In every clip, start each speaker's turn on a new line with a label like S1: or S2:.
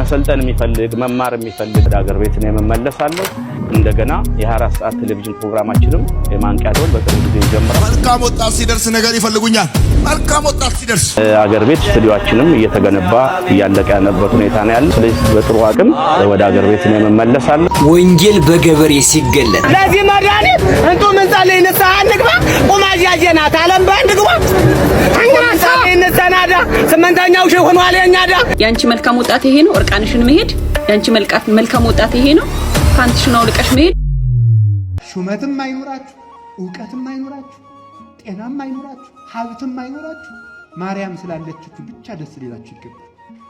S1: መሰልጠን የሚፈልግ መማር የሚፈልግ ሀገር ቤት ነው የምመለሳለሁ። እንደገና የ24 ሰዓት ቴሌቪዥን ፕሮግራማችንም የማንቂያ ደወል በቅርብ ጊዜ ይጀምራል።
S2: መልካም ወጣት ሲደርስ ነገር ይፈልጉኛል። መልካም ወጣት ሲደርስ
S1: ሀገር ቤት ስቱዲዮችንም እየተገነባ እያለቀ ያለበት ሁኔታ ነው ያለ። ስለዚህ በጥሩ አቅም ወደ ሀገር ቤት ነው የምመለሳለሁ።
S3: ወንጌል በገበሬ ሲገለጥ
S4: ለዚህ መድኃኒት እንቱ ምንጻ ላይ ንስሐ እንግባ ቁማዣዜናት አለም በአንድ ግባ እንግባ ሰ ነሰናዳ ስምንተኛው ሺ ሆኗል። የኛዳ
S5: የአንቺ መልካም ወጣት ይሄ ነው እርቃንሽን መሄድ ያንቺ የአንቺ መልካም ወጣት ይሄ ነው። ፓንትሽን አውልቀሽ መሄድ።
S6: ሹመትም አይኖራችሁ፣ እውቀትም አይኖራችሁ፣ ጤናም አይኖራችሁ፣ ሀብትም አይኖራችሁ ማርያም ስላለችሁ ብቻ ደስ ሌላችሁ ይገባል።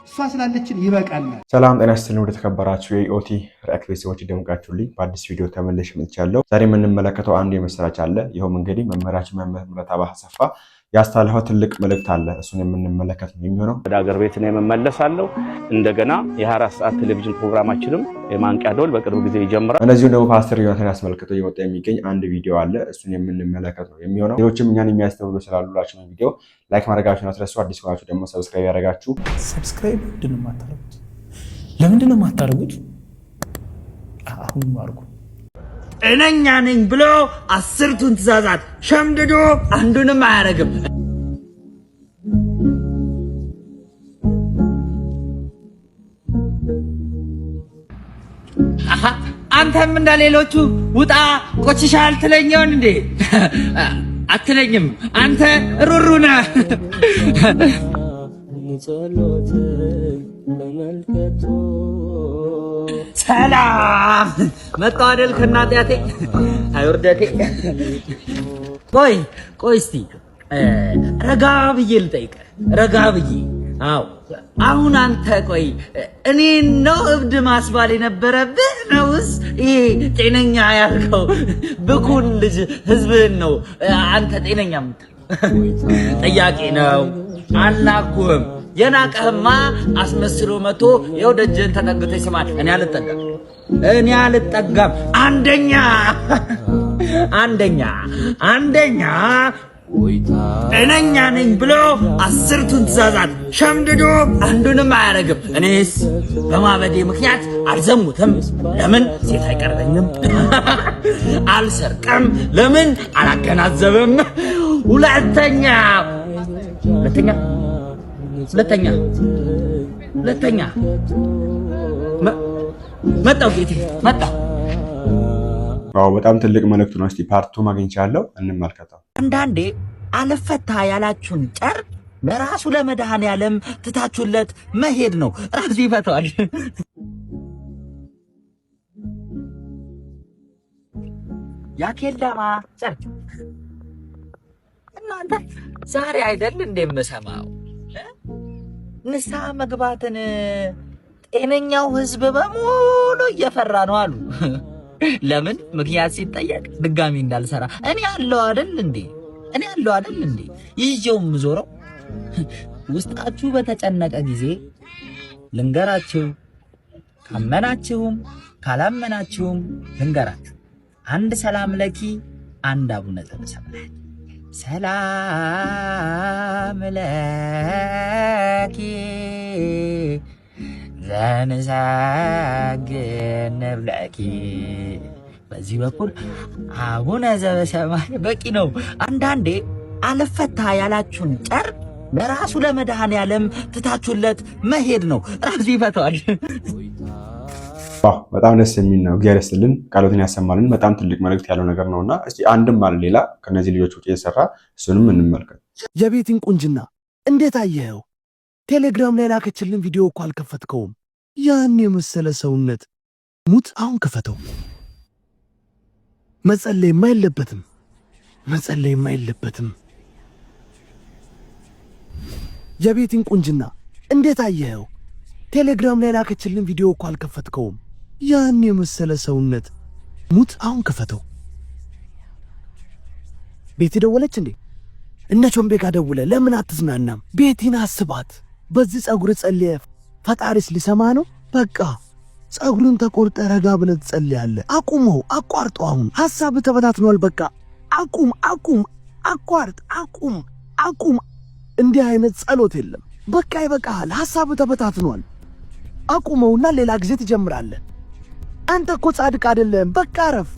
S6: እሷ ስላለችን ይበቃል።
S7: ሰላም ጤና ስትል ወደ ተከበራችሁ የኢኦቲ ሪአክት ቤተሰቦች ደምቃችሁልኝ በአዲስ ቪዲዮ ተመለሽ መጥቻለሁ። ዛሬ የምንመለከተው አንዱ የመሰራች አለ። ይኸውም እንግዲህ መምህራችን መምህር ምህረተአብ አሰፋ ያስተላለፈው ትልቅ መልእክት አለ። እሱን የምንመለከት ነው የሚሆነው።
S1: ወደ ሀገር ቤት ነው የምመለሳለሁ። እንደገና የ24 ሰዓት ቴሌቪዥን ፕሮግራማችንም የማንቂያ ደወል በቅርብ ጊዜ ይጀምራል።
S7: እነዚሁም ደግሞ ፓስተር ዮናታን አስመልክቶ እየወጣ የሚገኝ አንድ ቪዲዮ አለ። እሱን የምንመለከት ነው የሚሆነው። ሌሎችም እኛን የሚያስተምሩ ስላሉላቸው ቪዲዮ ላይክ ማድረጋችሁን አትረሱ። አዲስ ከሆናችሁ ደግሞ ሰብስክራይብ ያደረጋችሁ
S8: ሰብስክራይብ ምንድን ነው የማታደርጉት? ለምንድን የማታደርጉት? አሁን አድርጉ
S9: እነኛ ነኝ ብሎ አስርቱን ትእዛዛት ሸምድዶ አንዱንም አያደረግም አንተም እንደ ሌሎቹ ውጣ ቆችሻ ትለኛውን እንዴ? አትለኝም። አንተ ሩሩ ነህ። ሰላም መጣሁ አይደል? ከናጢያቴ አይወርደቴ። ቆይ ቆይ፣ እስቲ ረጋ ብዬ ልጠይቀ፣ ረጋ ብዬ። አዎ አሁን አንተ ቆይ፣ እኔ ነው እብድ ማስባል የነበረብህ ነውስ? ይሄ ጤነኛ ያልከው ብኩን ልጅ ህዝብህን ነው አንተ ጤነኛ ምት ጥያቄ ነው። አላኩህም የናቀህማ አስመስሎ መቶ የው ደጀን ተጠግቶ ይስማል። እኔ አልጠጋም፣ እኔ አልጠጋም። አንደኛ አንደኛ አንደኛ እነኛ ነኝ ብሎ አስርቱን ትእዛዛት ሸምድዶ አንዱንም አያረግም። እኔስ በማበዴ ምክንያት አልዘሙትም፣ ለምን ሴት አይቀርበኝም? አልሰርቀም፣ ለምን አላገናዘብም? ሁለተኛ ሁለተኛ ሁለተኛ ሁለተኛ መጣው ጌቴ መጣ።
S7: አዎ በጣም ትልቅ መልእክቱ ነው። እስቲ ፓርቱ አግኝቻለሁ፣ እንመልከተው።
S9: አንዳንዴ አልፈታ ያላችሁን ጨርቅ ለራሱ ለመድኃኔዓለም ትታችሁለት መሄድ ነው፣ ራሱ ይፈተዋል ያኬለማ ጨርቅ እናንተ ዛሬ አይደል እንደምሰማው ንስሐ መግባትን ጤነኛው ህዝብ በሙሉ እየፈራ ነው አሉ። ለምን ምክንያት ሲጠየቅ ድጋሚ እንዳልሰራ እኔ አለው አይደል እንዴ? እኔ አለው አይደል እንዴ? ይዤውም ዞረው ውስጣችሁ በተጨነቀ ጊዜ ልንገራችሁ፣ ካመናችሁም ካላመናችሁም ልንገራችሁ፣ አንድ ሰላም ለኪ አንድ አቡነ ዘበሰማያት ሰላም ለኪ ዘንሳግን ነብለኪ። በዚህ በኩል አቡነ ዘበሰማይ በቂ ነው። አንዳንዴ አልፈታ ያላችሁን ጨርቅ ለራሱ ለመድኃኔዓለም ትታችሁለት መሄድ ነው። ራሱ ይፈተዋል። ተስፋ በጣም ደስ የሚል ነው። እግዚአብሔር ይስጥልን፣ ቃሎትን ያሰማልን። በጣም ትልቅ መልእክት ያለው ነገር ነውና እስቲ አንድም አለ ሌላ ከነዚህ ልጆች ውጭ የሰራ እሱንም እንመልከት። የቤቲን ቁንጅና እንዴት አየኸው? ቴሌግራም ላይ ላከችልን ቪዲዮ እኮ አልከፈትከውም። ያን የመሰለ ሰውነት ሙት። አሁን ክፈተው። መጸለይማ የለበትም፣ መጸለይማ የለበትም። የቤቲን ቁንጅና እንዴት አየኸው? ቴሌግራም ላይ ላከችልን ቪዲዮ እኮ አልከፈትከውም። ያን የመሰለ ሰውነት ሙት። አሁን ክፈተው። ቤቲ ደወለች እንዴ? እነ ቾምቤ ጋር ደውለ ለምን አትዝናናም? ቤቲን አስባት። በዚህ ጸጉር ጸልየ ፈጣሪስ ሊሰማ ነው? በቃ ጸጉሩን ተቆርጠ ረጋ ብለ ትጸልያለ። አቁመው፣ አቋርጦ። አሁን ሀሳብ ተበታትኗል። በቃ አቁም፣ አቁም፣ አቋርጥ፣ አቁም፣ አቁም። እንዲህ አይነት ጸሎት የለም። በቃ ይበቃሃል። ሀሳብ ተበታትኗል። አቁመውና ሌላ ጊዜ ትጀምራለህ። አንተ እኮ ጻድቅ አይደለም። በቃ አረፍ።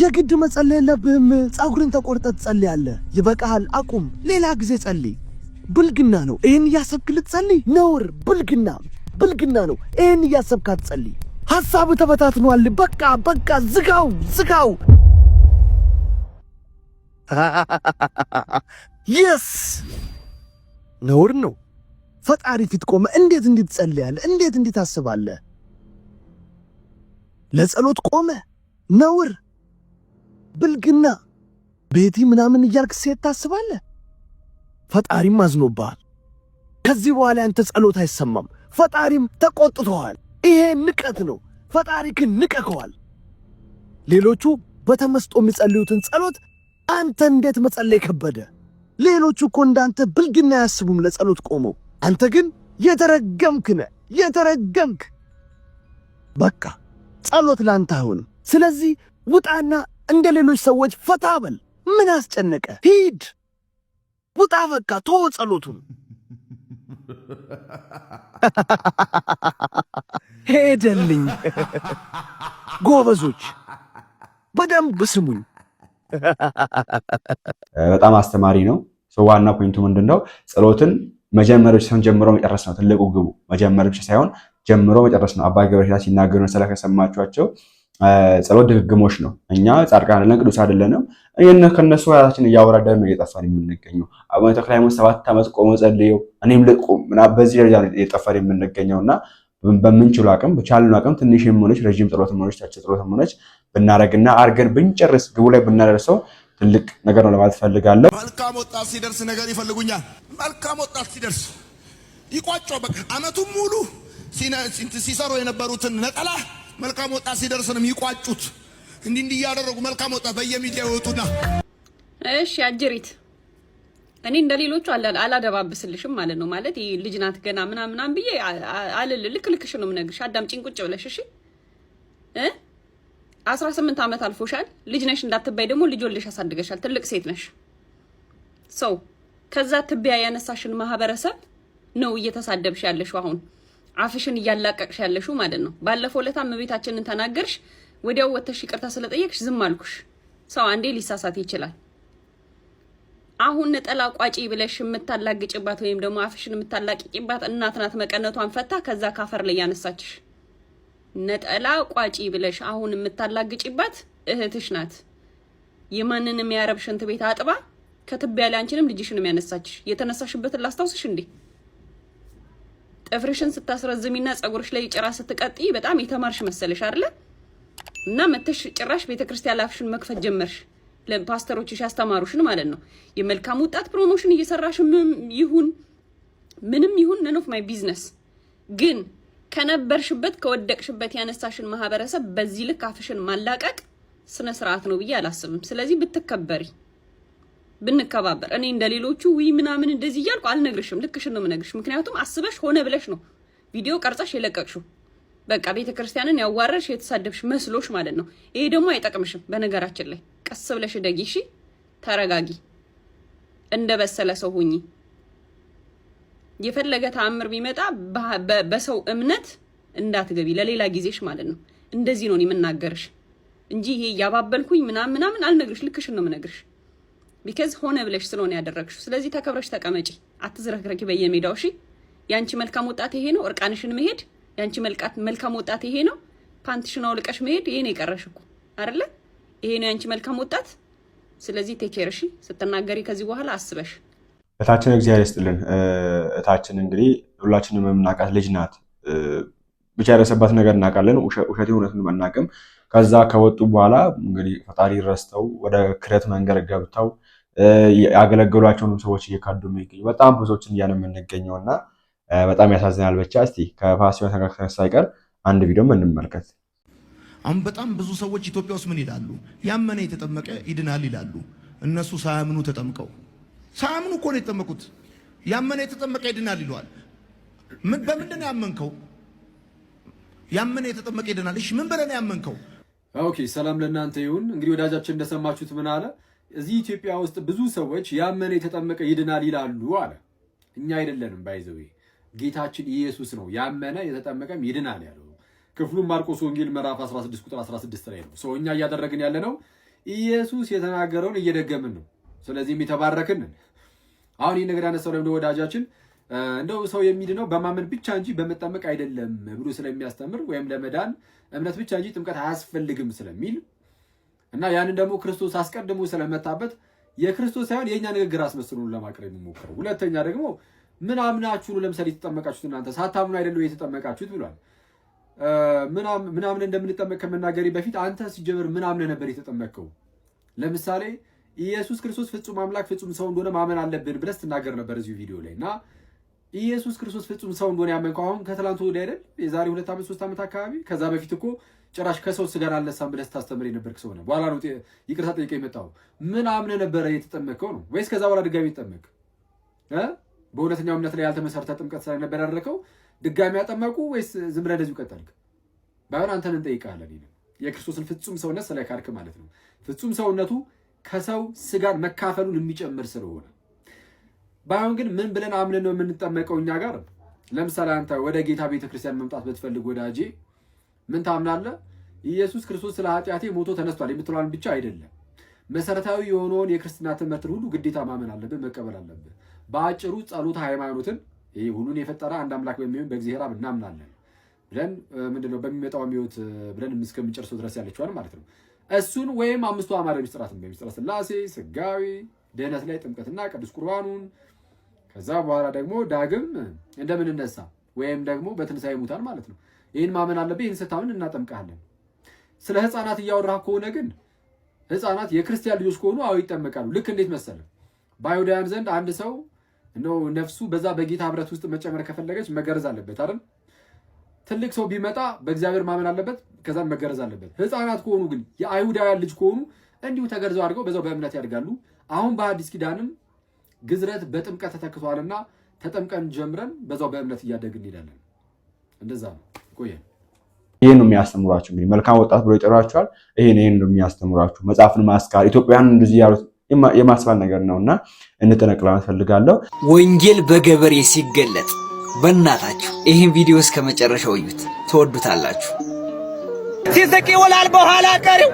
S9: የግድ መጸለይ የለብህም። ጸጉርን ተቆርጠ ትጸልያለህ። ይበቃሃል፣ አቁም። ሌላ ጊዜ ጸልይ። ብልግና ነው። ይህን እያሰብክ ልትጸልይ? ነውር፣ ብልግና፣ ብልግና ነው። ይህን እያሰብክ አትጸልይ። ሐሳብ ተበታትኗል። በቃ በቃ፣ ዝጋው፣ ዝጋው። የስ ነውር ነው። ፈጣሪ ፊት ቆመ እንዴት እንዲትጸልያለህ? እንዴት እንዲታስባለህ? ለጸሎት ቆመ ነውር፣ ብልግና፣ ቤቲ ምናምን እያልክ ሴት ታስባለ። ፈጣሪም አዝኖብሃል። ከዚህ በኋላ ያንተ ጸሎት አይሰማም። ፈጣሪም ተቆጥቶሃል። ይሄ ንቀት ነው። ፈጣሪክን ንቀከዋል። ሌሎቹ በተመስጦ የሚጸልዩትን ጸሎት አንተ እንዴት መጸለይ ከበደ? ሌሎቹ እኮ እንዳንተ ብልግና አያስቡም ለጸሎት ቆመው። አንተ ግን የተረገምክ ነ የተረገምክ በቃ ጸሎት ላንተ አሁን። ስለዚህ ውጣና እንደ ሌሎች ሰዎች ፈታ በል። ምን አስጨነቀ? ሂድ፣ ውጣ፣ በቃ ቶ ጸሎቱን ሄደልኝ። ጎበዞች በደንብ ስሙኝ። በጣም አስተማሪ ነው። ዋና ፖይንቱ ምንድን ነው? ጸሎትን መጀመር ብቻ ሳይሆን ጀምሮ መጨረስ ነው ትልቁ ግቡ። መጀመር ብቻ ሳይሆን ጀምሮ መጨረስ ነው። አባ ገብረኪዳን ሲናገሩ ስለ ከሰማችኋቸው ጸሎት ድግግሞች ነው። እኛ ጻድቃን አይደለን፣ ቅዱስ አይደለንም። ከነሱ ራሳችን እያወራደን ነው እየጠፋን የምንገኘው። አቡነ ተክለ ሃይማኖት ሰባት ዓመት ቆመው ጸልየው እኔም ልቁም በዚህ ደረጃ እየጠፋን የምንገኘው እና በምንችሉ አቅም በቻልን አቅም ትንሽ የሆነች ረዥም ጸሎት ሆነች አጭር ጸሎት ሆነች ብናደርግና አርገን ብንጨርስ ግቡ ላይ ብናደርሰው ትልቅ ነገር ነው ለማለት ፈልጋለሁ። መልካም ወጣት ሲደርስ ነገር ይፈልጉኛል። መልካም ወጣት ሲደርስ ይቋጫው በቃ አመቱን ሙሉ ሲሰሩ የነበሩትን ነጠላ መልካም ወጣት ሲደርስ ነው የሚቋጩት። እንዲህ እንዲህ እያደረጉ መልካም ወጣት በየሚዲያ ይወጡና፣ እሺ አጅሪት፣ እኔ እንደ ሌሎቹ አላደባብስልሽም ማለት ነው። ማለት ይህ ልጅ ናት ገና ምናምን ምናምን ብዬ አልል። ልክ ልክሽ ነው የምነግርሽ። አዳም ጭንቁጭ ብለሽ እሺ። አስራ ስምንት ዓመት አልፎሻል። ልጅ ነሽ እንዳትባይ ደግሞ ልጅ ወልደሽ አሳድገሻል። ትልቅ ሴት ነሽ። ሰው ከዛ ትቢያ ያነሳሽን ማህበረሰብ ነው እየተሳደብሽ ያለሽው አሁን አፍሽን እያላቀቅሽ ያለሽው ማለት ነው። ባለፈው ለታ እመቤታችንን ተናገርሽ፣ ወዲያው ወተሽ ይቅርታ ስለጠየቅሽ ዝም አልኩሽ። ሰው አንዴ ሊሳሳት ይችላል። አሁን ነጠላ ቋጪ ብለሽ የምታላግጭባት ወይም ደግሞ አፍሽን የምታላቅጭባት እናት ናት። መቀነቷን ፈታ ከዛ ካፈር ላይ ያነሳችሽ ነጠላ ቋጪ ብለሽ አሁን የምታላግጭባት እህትሽ ናት። የማንንም የአረብ ሽንት ቤት አጥባ ከትቢያ ላይ አንቺንም ልጅሽንም ያነሳችሽ። የተነሳሽበትን ላስታውስሽ እንዴ? ጥፍርሽን ስታስረዝሚና ጸጉርሽ ላይ ጭራ ስትቀጥ በጣም የተማርሽ መሰለሽ አይደለ? እና መተሽ ጭራሽ ቤተክርስቲያን ላፍሽን መክፈት ጀመርሽ። ለፓስተሮችሽ ያስተማሩሽን ማለት ነው። የመልካም ወጣት ፕሮሞሽን እየሰራሽ ይሁን ምንም ይሁን ነን ኦፍ ማይ ቢዝነስ ግን ከነበርሽበት ከወደቅሽበት ያነሳሽን ማህበረሰብ በዚህ ልክ አፍሽን ማላቀቅ ስነ ስርዓት ነው ብዬ አላስብም። ስለዚህ ብትከበሪ ብንከባበር እኔ እንደሌሎቹ ውይ ምናምን እንደዚህ እያልኩ አልነግርሽም። ልክሽን ነው የምነግርሽ። ምክንያቱም አስበሽ ሆነ ብለሽ ነው ቪዲዮ ቀርጸሽ የለቀቅሽው። በቃ ቤተ ክርስቲያንን ያዋረሽ የተሳደብሽ መስሎሽ ማለት ነው። ይሄ ደግሞ አይጠቅምሽም። በነገራችን ላይ ቀስ ብለሽ እደጊ እሺ። ተረጋጊ። እንደ በሰለ ሰው ሁኚ። የፈለገ ተአምር ቢመጣ በሰው እምነት እንዳትገቢ ለሌላ ጊዜሽ ማለት ነው። እንደዚህ ነው የምናገርሽ እንጂ ይሄ እያባበልኩኝ ምናምን ምናምን አልነግርሽ። ልክሽን ነው የምነግርሽ። ቢከዝ ሆነ ብለሽ ስለሆነ ያደረግሽው። ስለዚህ ተከብረሽ ተቀመጪ፣ አትዝረክረኪ በየሜዳው እሺ። ያንቺ መልካም ወጣት ይሄ ነው። እርቃንሽን መሄድ ያንቺ መልካም ወጣት ይሄ ነው። ፓንትሽን አውልቀሽ መሄድ ይሄ ነው የቀረሽ እኮ አይደለ? ይሄ ነው ያንቺ መልካም ወጣት። ስለዚህ ቴኬርሽ ስትናገሪ ከዚህ በኋላ አስበሽ። እታችን እግዚአብሔር ይስጥልን። እታችን እንግዲህ ሁላችንም የምናውቃት ልጅ ናት። ብቻ ያደረሰባት ነገር እናውቃለን። ውሸት እውነቱን አናውቅም። ከዛ ከወጡ በኋላ እንግዲህ ፈጣሪ ረስተው ወደ ክረት መንገድ ገብተው ያገለገሏቸውንም ሰዎች እየካዱ የሚገኙ በጣም ብዙዎችን እያለ የምንገኘው እና በጣም ያሳዝናል። ብቻ እስቲ ከፋሲዮን ተነሳ ሳይቀር አንድ ቪዲዮም እንመልከት። አሁን በጣም ብዙ ሰዎች ኢትዮጵያ ውስጥ ምን ይላሉ? ያመነ የተጠመቀ ይድናል ይላሉ። እነሱ ሳያምኑ ተጠምቀው ሳያምኑ እኮ ነው የተጠመቁት። ያመነ የተጠመቀ ይድናል ይለዋል። በምንድን ያመንከው? ያመነ የተጠመቀ ይድናል። እሺ ምን ብለህ ያመንከው? ኦኬ ሰላም ለእናንተ ይሁን። እንግዲህ ወዳጃችን እንደሰማችሁት ምን አለ እዚህ ኢትዮጵያ ውስጥ ብዙ ሰዎች ያመነ የተጠመቀ ይድናል ይላሉ አለ። እኛ አይደለንም ባይዘዌ ጌታችን ኢየሱስ ነው ያመነ የተጠመቀም ይድናል ያለው። ክፍሉም ማርቆስ ወንጌል ምዕራፍ 16 ቁጥር 16 ላይ ነው። ሰው እኛ እያደረግን ያለ ነው ኢየሱስ የተናገረውን እየደገምን ነው። ስለዚህም የተባረክን አሁን ይህ ነገር ያነሳው ደግሞ ወዳጃችን እንደው ሰው የሚድነው በማመን ብቻ እንጂ በመጠመቅ አይደለም ብሎ ስለሚያስተምር ወይም ለመዳን እምነት ብቻ እንጂ ጥምቀት አያስፈልግም ስለሚል እና ያንን ደግሞ ክርስቶስ አስቀድሞ ስለመታበት የክርስቶስ ሳይሆን የእኛ ንግግር አስመስሉ ለማቅረብ የሚሞክረው። ሁለተኛ ደግሞ ምን አምናችሁ ነው ለምሳሌ የተጠመቃችሁት? እናንተ ሳታምኑ አይደለው የተጠመቃችሁት ብሏል። ምናምን እንደምንጠመቅ ከመናገሪ በፊት አንተ ሲጀምር ምን ነበር የተጠመቅከው? ለምሳሌ ኢየሱስ ክርስቶስ ፍጹም አምላክ ፍጹም ሰው እንደሆነ ማመን አለብን ብለህ ስትናገር ነበር እዚሁ ቪዲዮ ላይ እና ኢየሱስ ክርስቶስ ፍጹም ሰው እንደሆነ ያመንከው አሁን ከትላንት ወዲያ አይደል? የዛሬ ሁለት ዓመት ሶስት ዓመት አካባቢ ከዛ በፊት እኮ ጭራሽ ከሰውስ ጋር አልነሳም ብለህ ስታስተምር የነበርክ ሰው ነህ። በኋላ ነው ይቅርታ ጠይቀህ የመጣው። ምን አምነህ ነበረ የተጠመቅከው ነው ወይስ ከዛ በኋላ ድጋሚ ተጠመቅ? በእውነተኛው እምነት ላይ ያልተመሰረተ ጥምቀት ስለነበር ያደረከው ድጋሚ ያጠመቁ ወይስ ዝም ብለህ እንደዚሁ ቀጠልክ? ባይሆን አንተን እንጠይቃለን። የክርስቶስን ፍጹም ሰውነት ስለካድክ ማለት ነው። ፍጹም ሰውነቱ ከሰው ስጋን መካፈሉን የሚጨምር ስለሆነ ባይሆን ግን ምን ብለን አምነን ነው የምንጠመቀው? እኛ ጋር ለምሳሌ አንተ ወደ ጌታ ቤተክርስቲያን መምጣት ብትፈልግ ወዳጄ ምን ታምናለህ? ኢየሱስ ክርስቶስ ስለ ኃጢአቴ ሞቶ ተነስቷል የምትለዋን ብቻ አይደለም። መሰረታዊ የሆነውን የክርስትና ትምህርትን ሁሉ ግዴታ ማመን አለብህ፣ መቀበል አለብህ። በአጭሩ ጸሎተ ሃይማኖትን ይህ ሁሉን የፈጠረ አንድ አምላክ በሚሆን በእግዚአብሔር አብ እናምናለን ብለን ምንድነው በሚመጣው ሕይወት ብለን እስከምንጨርሰው ድረስ ያለችዋል ማለት ነው። እሱን ወይም አምስቱ አማረ ሚስጥራት በሚስጥረ ስላሴ ስጋዊ ድህነት ላይ ጥምቀትና ቅዱስ ቁርባኑን ከዛ በኋላ ደግሞ ዳግም እንደምንነሳ ወይም ደግሞ በትንሣኤ ሙታን ማለት ነው ይህን ማመን አለብህ። ይህን ስታምን እናጠምቃለን። ስለ ህፃናት እያወራ ከሆነ ግን ህፃናት የክርስቲያን ልጆች ከሆኑ አዎ ይጠመቃሉ። ልክ እንዴት መሰለ በአይሁዳውያን ዘንድ አንድ ሰው ነው ነፍሱ በዛ በጌታ ህብረት ውስጥ መጨመር ከፈለገች መገረዝ አለበት አይደል? ትልቅ ሰው ቢመጣ በእግዚአብሔር ማመን አለበት፣ ከዛም መገረዝ አለበት። ህፃናት ከሆኑ ግን የአይሁዳውያን ልጅ ከሆኑ እንዲሁ ተገርዘው አድርገው በዛው በእምነት ያድጋሉ። አሁን በአዲስ ኪዳንም ግዝረት በጥምቀት ተተክቷልና ተጠምቀን ጀምረን በዛው በእምነት እያደግን እንሄዳለን። እንደዛ ነው። ይሄ ነው የሚያስተምሯችሁ። እንግዲህ መልካም ወጣት ብሎ ይጠሯችኋል። ይሄ ይሄን ነው የሚያስተምሯችሁ። መጽሐፍን ማስካር ኢትዮጵያን እንደዚህ ያሉት የማስባል ነገር ነውና እንጠነቅ ለማለት ፈልጋለሁ። ወንጌል በገበሬ ሲገለጥ በእናታችሁ ይህን ቪዲዮ እስከ መጨረሻው እዩት፣ ትወዱታላችሁ። ሲስቅ ይውላል በኋላ ቀሪው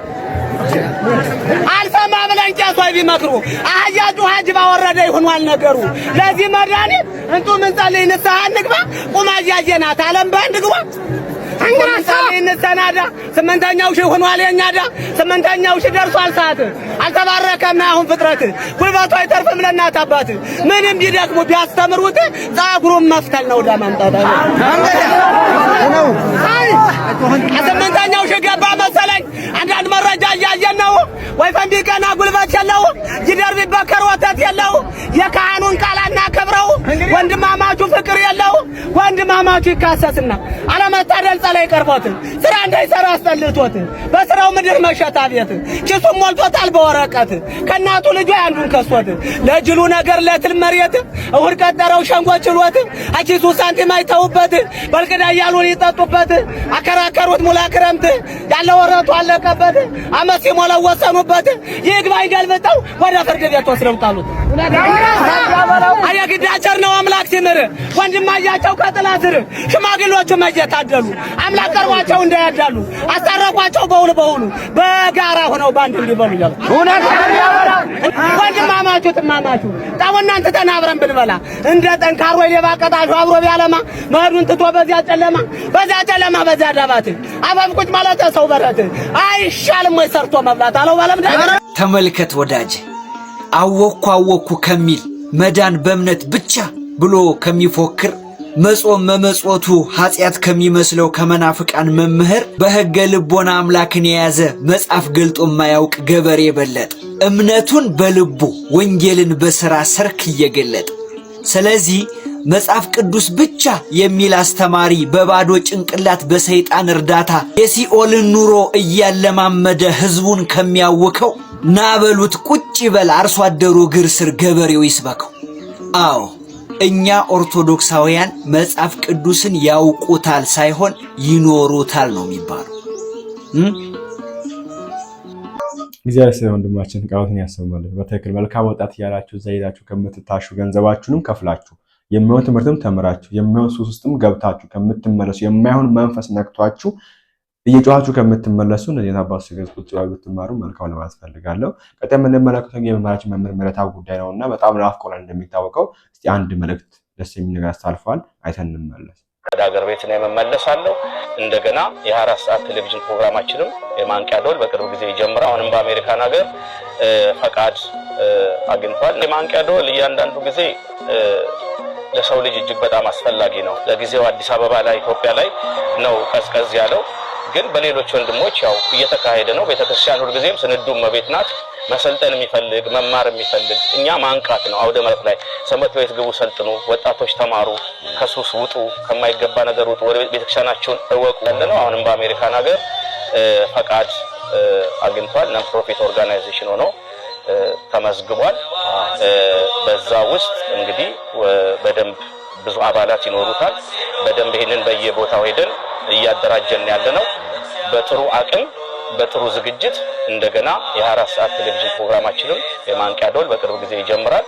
S9: አልሰማ ብለን ቄሷ ቢመክሩ አህያጁ ሀጅ ባወረደ ይሆኗል ነገሩ። ለዚህ መድኃኒት እንጡ ምንጸልይ ንስሐ እንግባ ቁማ እያየናት ዓለም በአንድ ግባ እንግራሳሌ እንሰናዳ ስምንተኛው ሺህ ሆኗል የኛዳ ስምንተኛው ሺህ ደርሷል ሰዓት አልተባረከምና አሁን ፍጥረት ጉልበቱ አይተርፍም ለእናት አባት ምንም ቢደክሙ ቢያስተምሩት ጸጉሩን መፍተል ነው አንገዳ አይ ስምንተኛ ነው ሽገባ መሰለኝ። አንዳንድ መረጃ እያየን ነው። ወይ ፈንዲቀና ጉልበት የለው ይደር ቢበከር ወተት የለው። የካህኑን ቃል አናከብረው። ወንድማማቹ ፍቅር የለው። ወንድማማቹ ይካሰስና አለመታደል ጸላይ ቀርቦት ስራ እንዳይሰራ አስጠልቶት በስራው ምድር መሸታ ቤት ኪሱም ሞልቶታል በወረቀት ከእናቱ ልጁ አንዱን ከሶት ለጅሉ ነገር ለትል መሬት እሁድ ቀጠረው ሸንጎ ችሎት አኪሱ ሳንቲም አይተውበት በልቅዳ እያሉን ይጠጡበት አከራከሩት ሙላ ክረምት ያለ ወረቱ አለቀበት። አመት ሲሞላው ወሰኑበት። ይግባኝ ገልብጠው ወደ ፍርድ ቤት ወስደው ጣሉት። ግዳቸር ነው አምላክ ሲምር ወንድማያቸው ከጥላ ስር ሽማግሌዎችም እየታደሉ አምላክ ቀርቧቸው እንዳያዳሉ አስታረቋቸው በውል በውሉ በጋራ ሆነው ባንድ እንዲበሉ ይላል። ወንድማማቹ ትማማቹ ጣውናን ትተን አብረን ብንበላ እንደ ጠንካሮ የሌባ ቀጣሹ አብሮ ቢያለማ መሄዱን ትቶ በዚያ ጨለማ በዚያ ጨለማ በዚያ ዳባት ማለት ሰው በረት አይሻልም ወይ ሰርቶ መብላት አለው ባለምዳ ተመልከት ወዳጅ፣ አወኩ አወኩ ከሚል መዳን በእምነት ብቻ ብሎ ከሚፎክር መጾም መመጾቱ ኃጢአት ከሚመስለው ከመናፍቃን መምህር በሕገ ልቦና አምላክን የያዘ መጽሐፍ ገልጦ የማያውቅ ገበሬ በለጠ እምነቱን በልቡ ወንጌልን በሥራ ሰርክ እየገለጠ ስለዚህ መጽሐፍ ቅዱስ ብቻ የሚል አስተማሪ በባዶ ጭንቅላት በሰይጣን እርዳታ የሲኦልን ኑሮ እያለማመደ ህዝቡን ከሚያውከው ናበሉት ቁጭ ይበል አርሶ አደሩ እግር ስር ገበሬው ይስበከው። አዎ እኛ ኦርቶዶክሳውያን መጽሐፍ ቅዱስን ያውቁታል ሳይሆን ይኖሩታል ነው የሚባለው። እግዚአብሔር ስለ ወንድማችን ቃሉትን ያሰማልን። በትክክል መልካም ወጣት እያላችሁ እዛ ሄዳችሁ ከምትታሹ ገንዘባችሁንም ከፍላችሁ የሚሆን ትምህርትም ተምራችሁ የሚሆን ሱስ ውስጥም ገብታችሁ ከምትመለሱ የማይሆን መንፈስ ነክቷችሁ እየጨዋችሁ ከምትመለሱ እነዚህን አባት ገጽ ቁጭ ብላችሁ ብትማሩ መልካም ለማለት ፈልጋለሁ። ቀጣይ የምንመለከተው የመምህራችን መምህር ምህረተአብ ጉዳይ ነው እና በጣም ናፍቆናል። እንደሚታወቀው እስቲ አንድ መልእክት ደስ የሚል ነገር አስተላልፈዋል። አይተን እንመለስ። ወደ ሀገር ቤት ነው የምመለሳለሁ። እንደገና የ24 ሰዓት ቴሌቪዥን ፕሮግራማችንም የማንቂያ ደወል በቅርብ ጊዜ ይጀምራል። አሁንም በአሜሪካን ሀገር ፈቃድ አግኝቷል። የማንቂያ ደወል እያንዳንዱ ጊዜ ለሰው ልጅ እጅግ በጣም አስፈላጊ ነው። ለጊዜው አዲስ አበባ ላይ ኢትዮጵያ ላይ ነው ቀዝቀዝ ያለው፣ ግን በሌሎች ወንድሞች ያው እየተካሄደ ነው። ቤተክርስቲያን ሁልጊዜም ስንዱ መቤት ናት። መሰልጠን የሚፈልግ መማር የሚፈልግ እኛ ማንቃት ነው። አውደ ምሕረት ላይ ሰንበት ቤት ግቡ፣ ሰልጥኑ፣ ወጣቶች ተማሩ፣ ከሱስ ውጡ፣ ከማይገባ ነገር ውጡ፣ ወደ ቤተክርስቲያናችሁን እወቁ ነው። አሁንም በአሜሪካን ሀገር ፈቃድ አግኝቷል። ነን ፕሮፊት ኦርጋናይዜሽን ሆነው ተመዝግቧል። በዛ ውስጥ እንግዲህ በደንብ ብዙ አባላት ይኖሩታል። በደንብ ይህንን በየቦታው ሄደን እያደራጀን ያለ ነው። በጥሩ አቅም በጥሩ ዝግጅት እንደገና የ24 ሰዓት ቴሌቪዥን ፕሮግራማችንም የማንቂያ ደወል በቅርብ ጊዜ ይጀምራል።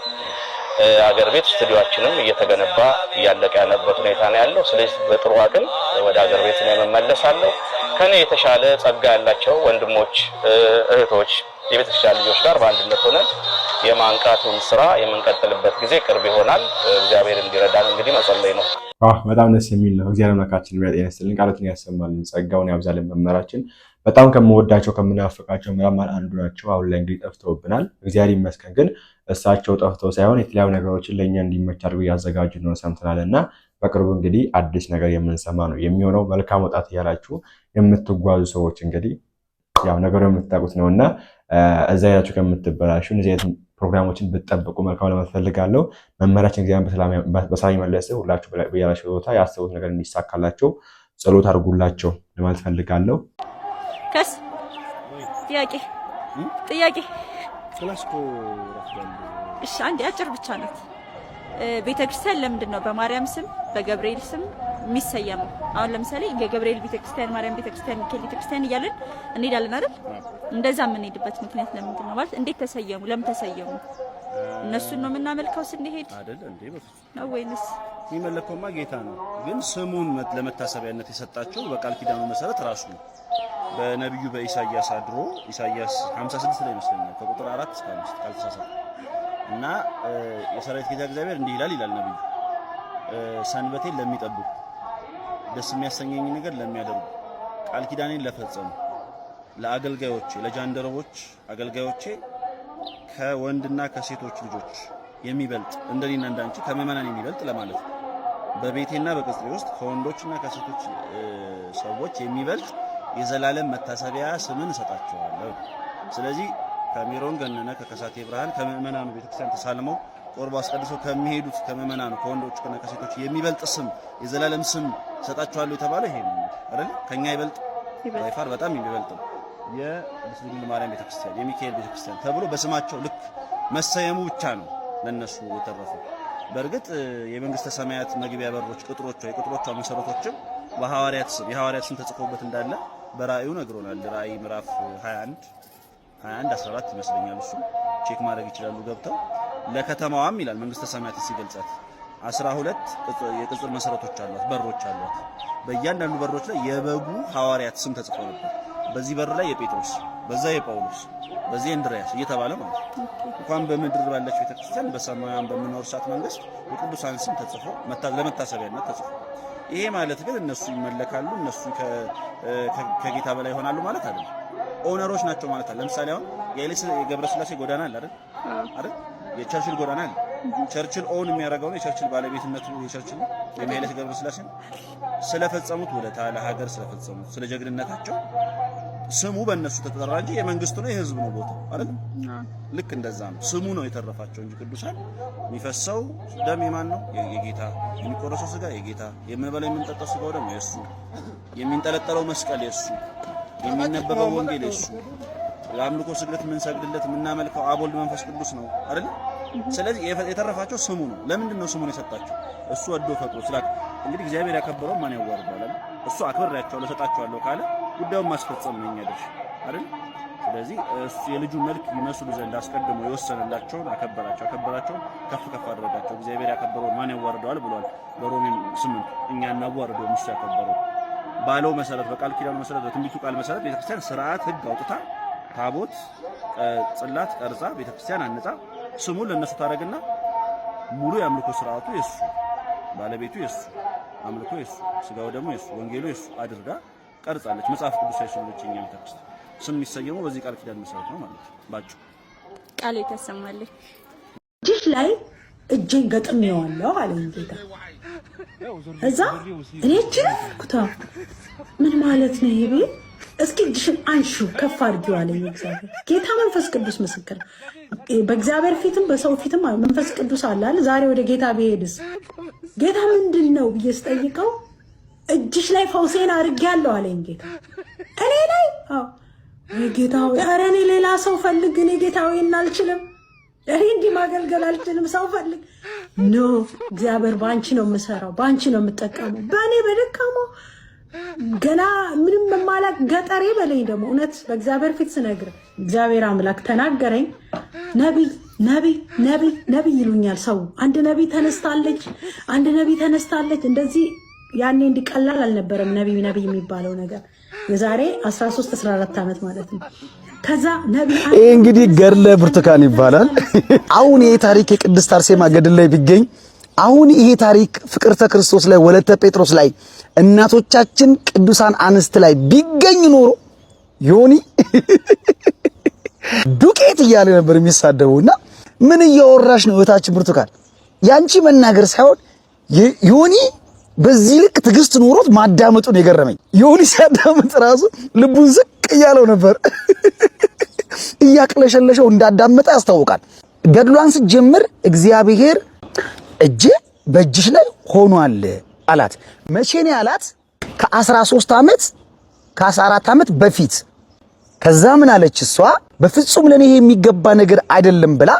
S9: አገር ቤት ስቱዲዮችንም እየተገነባ እያለቀ ያለበት ሁኔታ ነው ያለው። ስለዚህ በጥሩ አቅም ወደ አገር ቤት ነው የምመለሳለሁ። ከኔ የተሻለ ጸጋ ያላቸው ወንድሞች እህቶች የቤተክርስቲያን ልጆች ጋር በአንድነት ሆነን የማንቃቱን ስራ የምንቀጥልበት ጊዜ ቅርብ ይሆናል። እግዚአብሔር እንዲረዳን እንግዲህ መጸለይ ነው። በጣም ደስ የሚል ነው። እግዚአብሔር አምላካችን የሚያጤን ይስጥልን፣ ቃሉን ያሰማልን፣ ጸጋውን ያብዛልን። መመራችን በጣም ከምወዳቸው ከምናፈቃቸው ምራማን አንዱ ናቸው። አሁን ላይ እንግዲህ ጠፍተውብናል። እግዚአብሔር ይመስገን ግን እሳቸው ጠፍተው ሳይሆን የተለያዩ ነገሮችን ለእኛ እንዲመች አድርገው እያዘጋጁ ነው ሰምተናል እና በቅርቡ እንግዲህ አዲስ ነገር የምንሰማ ነው የሚሆነው። መልካም ወጣት እያላችሁ የምትጓዙ ሰዎች እንግዲህ ያው ነገሩ የምታውቁት ነው እና እዛ ሄዳችሁ ከምትበላሹ እነዚህ አይነት ፕሮግራሞችን ብትጠብቁ መልካም ለማለት እፈልጋለሁ። መምህራችን እግዚአብሔር በሰላም ይመልስ። ሁላችሁ በያላችሁ ቦታ ያሰቡት ነገር እንዲሳካላቸው ጸሎት አድርጉላቸው ለማለት እፈልጋለሁ። ከስ ጥያቄ ጥያቄ እሺ፣ አንድ አጭር ብቻ ናት። ቤተክርስቲያን ለምንድን ነው በማርያም ስም በገብርኤል ስም የሚሰየመው? አሁን ለምሳሌ የገብርኤል ቤተክርስቲያን፣ ማርያም ቤተክርስቲያን፣ ሚካኤል ቤተክርስቲያን እያለን እንሄዳለን አይደል? እንደዛ የምንሄድበት ምክንያት ለምንድን ነው ማለት እንዴት ተሰየሙ? ለምን ተሰየሙ? እነሱን ነው የምናመልከው ስንሄድ አይደል እንዴ? ነው ወይንስ የሚመለከውማ ጌታ ነው። ግን ስሙን ለመታሰቢያነት የሰጣቸው በቃል ኪዳኑ መሰረት ራሱ ነው። በነቢዩ በኢሳያስ አድሮ ኢሳያስ 56 ላይ ይመስለኛል ከቁጥር 4 እስከ 5 ቃል እና የሰራዊት ጌታ እግዚአብሔር እንዲህ ይላል ይላል ነብዩ፣ ሰንበቴን ለሚጠብቁ ደስ የሚያሰኘኝ ነገር ለሚያደርጉ ቃል ኪዳኔን ለፈጸሙ ለአገልጋዮቼ ለጃንደረቦች አገልጋዮቼ ከወንድና ከሴቶች ልጆች የሚበልጥ እንደኔና እንዳንቺ ከምዕመናን የሚበልጥ ለማለት ነው። በቤቴና በቅጽሬ ውስጥ ከወንዶችና ከሴቶች ሰዎች የሚበልጥ የዘላለም መታሰቢያ ስምን እሰጣቸዋለሁ። ስለዚህ ከሚሮን ገነነ ከከሳቴ ብርሃን ከምእመናኑ ቤተክርስቲያን ተሳልመው ቆርቦ አስቀድሶ ከሚሄዱት ከምእመናኑ ከወንዶች ከነ ከሴቶች የሚበልጥ ስም የዘላለም ስም ሰጣቸዋለሁ የተባለ ይሄ አይደል? ከኛ ይበልጥ ባይፋር በጣም የሚበልጥ የቅድስት ድንግል ማርያም ቤተክርስቲያን፣ የሚካኤል ቤተክርስቲያን ተብሎ በስማቸው ልክ መሰየሙ ብቻ ነው ለነሱ የተረፈው። በእርግጥ የመንግስተ ሰማያት መግቢያ በሮች ቅጥሮቿ፣ የቅጥሮቿ መሰረቶችም በሐዋርያት ስም የሐዋርያት ስም ተጽፎበት እንዳለ በራእዩ ነግሮናል። ራእይ ምዕራፍ 21 21 14 ይመስለኛል። እሱ ቼክ ማድረግ ይችላሉ ገብተው። ለከተማዋም ይላል መንግስተ ሰማያት ሲገልጻት 12 የቅጽር መሰረቶች አሏት፣ በሮች አሏት። በእያንዳንዱ በሮች ላይ የበጉ ሐዋርያት ስም ተጽፎ ነበር። በዚህ በር ላይ የጴጥሮስ በዛ የጳውሎስ በዚህ እንድሪያስ እየተባለ ማለት እንኳን በምድር ባለች ቤተክርስቲያን በሰማያን በምኖር እሳት መንግስት የቅዱሳን ስም ተጽፎ ለመታሰቢያነት ተጽፎ ይሄ ማለት ግን እነሱ ይመለካሉ እነሱ ከጌታ በላይ ይሆናሉ ማለት አይደለም። ኦነሮች ናቸው ማለት አለ። ለምሳሌ አሁን የገብረስላሴ ጎዳና አለ አይደል አይደል? የቸርችል ጎዳና አለ። ቸርችል ኦን የሚያደርገው የቸርችል ባለቤትነቱ የቸርችል የኃይለ ገብረስላሴ ስለፈጸሙት ውለታ ለሀገር ስለፈጸሙት ስለ ጀግንነታቸው ስሙ በእነሱ ተጠራ እንጂ የመንግስቱ ነው የህዝብ ነው ቦታ አይደል? ልክ እንደዛ ነው። ስሙ ነው የተረፋቸው እንጂ ቅዱሳን የሚፈሰው ደም የማን ነው? የጌታ የሚቆረሰው ስጋ የጌታ የምንበላው የምንጠጣው ስጋው ደግሞ የእሱ የሚንጠለጠለው መስቀል የእሱ የሚነበበው ወንጌል እሱ ለአምልኮ ስግደት የምንሰግድለት የምናመልከው አብ ወልድ መንፈስ ቅዱስ ነው አይደል? ስለዚህ የተረፋቸው ስሙ ነው። ለምንድን ነው ስሙን የሰጣቸው? እሱ ወዶ ፈቅዶ ስላ እንግዲህ እግዚአብሔር ያከበረው ማን ያዋርደዋል? እሱ አክብሬያቸዋለሁ እሰጣቸዋለሁ ካለ ጉዳዩን ማስፈጸም ነው እኛ አይደል? ስለዚህ የልጁ መልክ ይመስሉ ዘንድ አስቀድሞ የወሰነላቸውን አከበራቸው፣ አከበራቸውን ከፍ ከፍ አደረጋቸው። እግዚአብሔር ያከበረው ማን ያዋርደዋል ብሏል በሮሜ ስምንት እኛ እናዋርደው እሱ ያከበረው ባለው መሰረት በቃል ኪዳኑ መሰረት በትንቢቱ ቃል መሰረት ቤተክርስቲያን ስርዓት ህግ አውጥታ ታቦት ጽላት ቀርጻ ቤተክርስቲያን አነጻ ስሙን ለነሱ ታደርግና ሙሉ የአምልኮ ስርዓቱ የሱ ባለቤቱ የሱ አምልኮ የሱ ስጋው ደግሞ የሱ ወንጌሉ የሱ አድርጋ ቀርጻለች። መጽሐፍ ቅዱስ ላይ ስለሆነች እኛ ቤተክርስቲያን ስም የሚሰየመው በዚህ ቃል ኪዳን መሰረት ነው ማለት ነው። ባጭ ቃል የተሰማለች እጅሽ ላይ እጄን ገጥሜዋለሁ አለኝ ጌታ እዛ እኔ ችልኩታ ምን ማለት ነው ይሄ? እስኪ እጅሽን አንሹ ከፍ አድርጊው አለኝ እግዚአብሔር። ጌታ መንፈስ ቅዱስ ምስክር፣ በእግዚአብሔር ፊትም በሰው ፊትም መንፈስ ቅዱስ አላል። ዛሬ ወደ ጌታ ብሄድስ ጌታ ምንድን ነው ብዬ ስጠይቀው እጅሽ ላይ ፈውሴን አድርጌያለሁ አለኝ ጌታ። እኔ ላይ ጌታ፣ ኧረ እኔ ሌላ ሰው ፈልግ፣ እኔ ጌታዊ እናልችልም እኔ እንዲህ ማገልገል አልችልም፣ ሰው ፈልግ። ኖ እግዚአብሔር በአንቺ ነው የምሰራው፣ በአንቺ ነው የምጠቀመው። በእኔ በደካሞ ገና ምንም የማላቅ ገጠሬ በለኝ። ደግሞ እውነት በእግዚአብሔር ፊት ስነግር እግዚአብሔር አምላክ ተናገረኝ። ነቢይ ነቢይ ነቢይ ነቢይ ይሉኛል ሰው። አንድ ነቢይ ተነስታለች፣ አንድ ነቢይ ተነስታለች። እንደዚህ ያኔ እንዲቀላል አልነበረም ነቢይ ነቢይ የሚባለው ነገር የዛሬ 13 14 ዓመት ማለት ነው። ይህ እንግዲህ ገድለ ብርቱካን ይባላል። አሁን ይሄ ታሪክ የቅድስት አርሴማ ገድል ላይ ቢገኝ አሁን ይሄ ታሪክ ፍቅርተ ክርስቶስ ላይ ወለተ ጴጥሮስ ላይ እናቶቻችን ቅዱሳን አንስት ላይ ቢገኝ ኖሮ ዮኒ ዱቄት እያለ ነበር የሚሳደበውና ምን እያወራሽ ነው እህታችን ብርቱካን? ያንቺ መናገር ሳይሆን ዮኒ በዚህ ልክ ትግስት ኖሮት ማዳመጡን የገረመኝ ዮኒ ሲያዳምጥ ራሱ ልቡን ዝቅ እያለው ነበር። እያቅለሸለሸው እንዳዳመጠ ያስታውቃል። ገድሏን ስጀምር እግዚአብሔር እጄ በእጅሽ ላይ ሆኗል አላት። መቼ ነው ያላት? ከ13 ዓመት ከ14 ዓመት በፊት። ከዛ ምን አለች እሷ? በፍጹም ለኔ የሚገባ ነገር አይደለም ብላ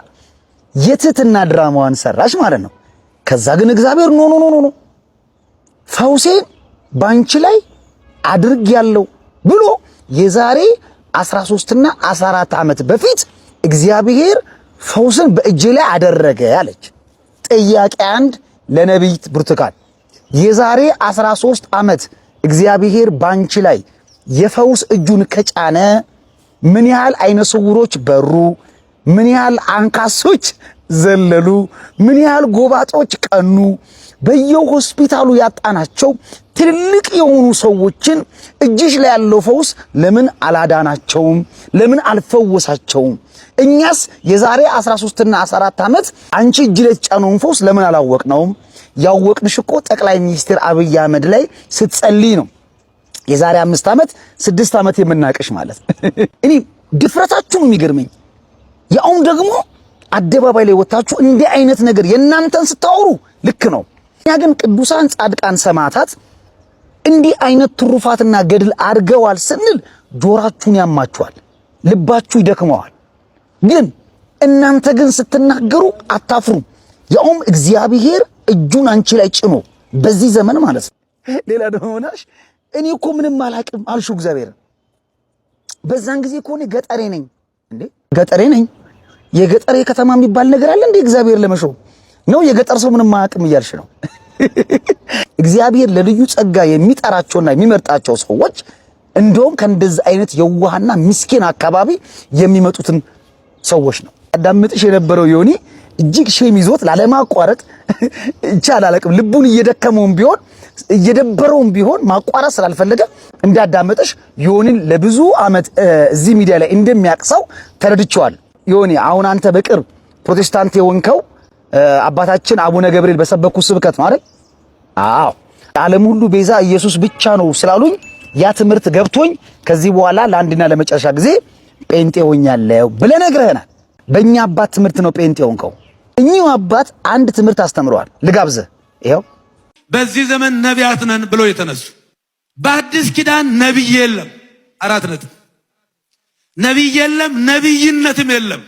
S9: የትህትና ድራማዋን ሰራች ማለት ነው። ከዛ ግን እግዚአብሔር ኖ ኖ ኖ ኖ ፈውሴን ባንቺ ላይ አድርግ ያለው ብሎ የዛሬ 13 እና 14 ዓመት በፊት እግዚአብሔር ፈውስን በእጄ ላይ አደረገ አለች። ጥያቄ አንድ ለነቢይት ብርቱካን የዛሬ 13 ዓመት እግዚአብሔር ባንቺ ላይ የፈውስ እጁን ከጫነ ምን ያህል አይነ ስውሮች በሩ? ምን ያህል አንካሶች ዘለሉ? ምን ያህል ጎባጦች ቀኑ? በየሆስፒታሉ ያጣናቸው ትልልቅ የሆኑ ሰዎችን እጅሽ ላይ ያለው ፈውስ ለምን አላዳናቸውም? ለምን አልፈወሳቸውም? እኛስ የዛሬ 13 እና 14 ዓመት አንቺ እጅ ላይ የተጫነውን ፈውስ ለምን አላወቅነውም? ያወቅንሽ እኮ ጠቅላይ ሚኒስትር አብይ አህመድ ላይ ስትጸልይ ነው። የዛሬ አምስት ዓመት ስድስት ዓመት የምናቀሽ ማለት ነው። እኔ ድፍረታችሁ ነው የሚገርመኝ። ያውም ደግሞ አደባባይ ላይ ወታችሁ እንዲህ አይነት ነገር የእናንተን ስታወሩ ልክ ነው። እኛ ግን ቅዱሳን ጻድቃን ሰማዕታት እንዲህ አይነት ትሩፋትና ገድል አድርገዋል ስንል ጆራችሁን ያማችኋል፣ ልባችሁ ይደክመዋል። ግን እናንተ ግን ስትናገሩ አታፍሩም። ያውም እግዚአብሔር እጁን አንቺ ላይ ጭኖ በዚህ ዘመን ማለት ነው። ሌላ ደሞ ሆናሽ እኔ እኮ ምንም አላቅም አልሹ እግዚአብሔርን። በዛን ጊዜ እኮ ገጠሬ ነኝ እንዴ ገጠሬ ነኝ። የገጠሬ ከተማ የሚባል ነገር አለ እንዴ? እግዚአብሔር ለመሾ ነው የገጠር ሰው ምንም አያቅም እያልሽ ነው። እግዚአብሔር ለልዩ ጸጋ የሚጠራቸውና የሚመርጣቸው ሰዎች እንደውም ከእንደዚህ አይነት የዋህና ምስኪን አካባቢ የሚመጡትን ሰዎች ነው። አዳምጥሽ የነበረው ዮኒ እጅግ ሼም ይዞት ላለማቋረጥ ይቻል አላቅም ልቡን እየደከመውም ቢሆን እየደበረውም ቢሆን ማቋረጥ ስላልፈለገ እንዳዳመጠሽ ዮኒን ለብዙ ዓመት እዚህ ሚዲያ ላይ እንደሚያቅሰው ተረድቼዋለሁ። ዮኒ አሁን አንተ በቅርብ ፕሮቴስታንት የሆንከው አባታችን አቡነ ገብርኤል በሰበኩ ስብከት ነው አይደል? አዎ ዓለም ሁሉ ቤዛ ኢየሱስ ብቻ ነው ስላሉኝ ያ ትምህርት ገብቶኝ ከዚህ በኋላ ለአንድና ለመጨረሻ ጊዜ ጴንጤ ሆኛለሁ ብለህ ነግረህናል። በእኛ አባት ትምህርት ነው ጴንጤ ሆንከው። እኚሁ አባት አንድ ትምህርት አስተምረዋል፣ ልጋብዝህ። ይኸው በዚህ ዘመን ነቢያት ነን ብለው የተነሱ በአዲስ ኪዳን ነቢይ የለም። አራት ነጥብ። ነቢይ የለም፣ ነቢይነትም የለም።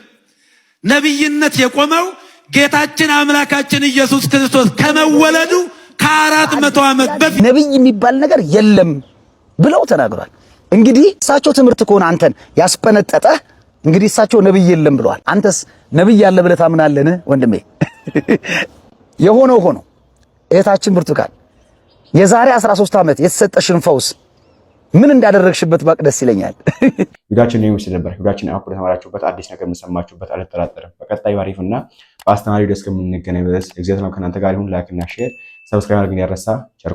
S9: ነቢይነት የቆመው ጌታችን አምላካችን ኢየሱስ ክርስቶስ ከመወለዱ ከአራት መቶ ዓመት በፊት ነቢይ የሚባል ነገር የለም ብለው ተናግሯል። እንግዲህ እሳቸው ትምህርት ከሆነ አንተን ያስፈነጠጠ እንግዲህ እሳቸው ነቢይ የለም ብለዋል። አንተስ ነቢይ ያለ ብለህ ታምናለህ ወንድሜ? የሆነው ሆኖ እህታችን ብርቱካን የዛሬ 13 ዓመት የተሰጠሽን ፈውስ ምን እንዳደረግሽበት ባቅ ደስ ይለኛል። ቪዲዮአችን ነው የሚመስል ነበር። ቪዲዮአችን አኩሪ ተማራችሁበት፣ አዲስ ነገር የምሰማችሁበት አልጠራጠርም። በቀጣይ ባሪፍና በአስተማሪ ደስ ከምንገናኝ ድረስ እግዚአብሔር ከእናንተ ጋር ይሁን። ላይክ እና ሼር ሰብስክራይብ አድርገን ያረሳ ቸር